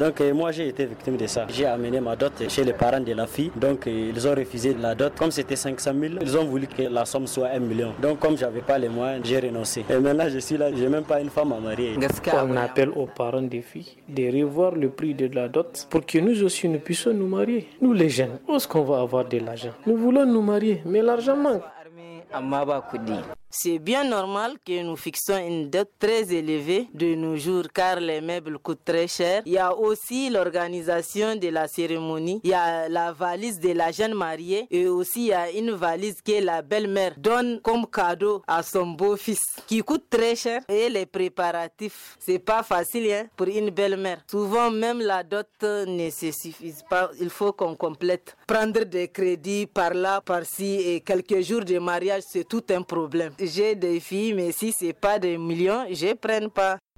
Donc euh, moi j'ai été victime de ça. J'ai amené ma dot chez les parents de la fille. Donc euh, ils ont refusé la dot. Comme c'était 500 000, ils ont voulu que la somme soit 1 million. Donc comme j'avais pas les moyens, j'ai renoncé. Et maintenant je suis là, n'ai même pas une femme à marier. On appelle aux parents des filles de revoir le prix de la dot pour que nous aussi nous puissions nous marier. Nous les jeunes, où est-ce qu'on va avoir de l'argent Nous voulons nous marier, mais l'argent manque. C'est bien normal que nous fixons une dette très élevée de nos jours car les meubles coûtent très cher. Il y a aussi l'organisation de la cérémonie. Il y a la valise de la jeune mariée et aussi il y a une valise que la belle-mère donne comme cadeau à son beau-fils qui coûte très cher et les préparatifs. C'est pas facile hein, pour une belle-mère. Souvent même la dot ne suffit pas. Il faut qu'on complète. Prendre des crédits par là, par ci et quelques jours de mariage, c'est tout un problème j'ai des filles, mais si c'est pas des millions, je prenne pas.